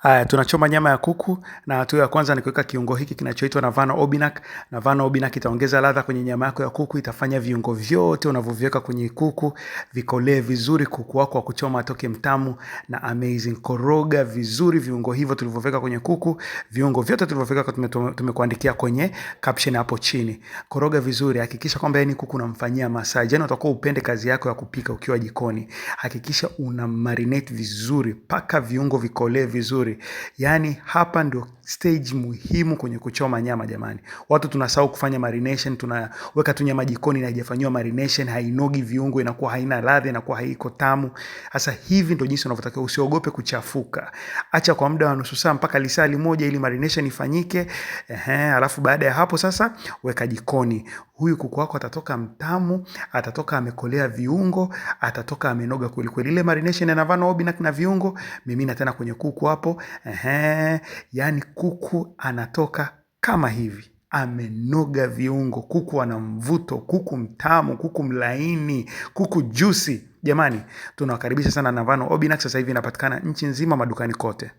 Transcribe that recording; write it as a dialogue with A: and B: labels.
A: Haya, tunachoma nyama ya kuku na hatua ya kwanza ni kuweka kiungo hiki kinachoitwa Navano Obinak. Navano Obinak itaongeza ladha kwenye nyama yako ya kuku, itafanya viungo vyote unavyoviweka kwenye kuku vikolee vizuri, kuku wako wa kuchoma atoke mtamu na amazing. Koroga vizuri viungo hivyo tulivyoweka kwenye kuku, viungo vyote tulivyoweka tumekuandikia kwenye caption hapo chini. Koroga vizuri, hakikisha kwamba yani kuku unamfanyia massage, yani utakuwa upende kazi yako ya kupika ukiwa jikoni. Hakikisha una marinate vizuri, paka viungo vikolee vizuri. Yaani hapa ndio stage muhimu kwenye kuchoma nyama jamani. Watu tunasahau kufanya marination, tunaweka tu nyama jikoni na haijafanyiwa marination, hainogi viungo, inakuwa haina ladha, inakuwa haiko tamu. Sasa hivi ndio jinsi unavyotakiwa, usiogope kuchafuka. Acha kwa muda wa nusu saa mpaka lisaa moja ili marination ifanyike. Ehe, alafu baada ya hapo sasa weka jikoni. Huyu kuku wako atatoka mtamu, atatoka amekolea viungo, atatoka amenoga kweli kweli. Ile marination ya Navano Obinak na viungo, mimina tena kwenye kuku hapo. Ehe, yani kuku anatoka kama hivi, amenoga viungo. Kuku ana mvuto, kuku mtamu, kuku mlaini, kuku jusi. Jamani, tunawakaribisha sana Navano Obinax. Sasa hivi inapatikana nchi nzima madukani kote.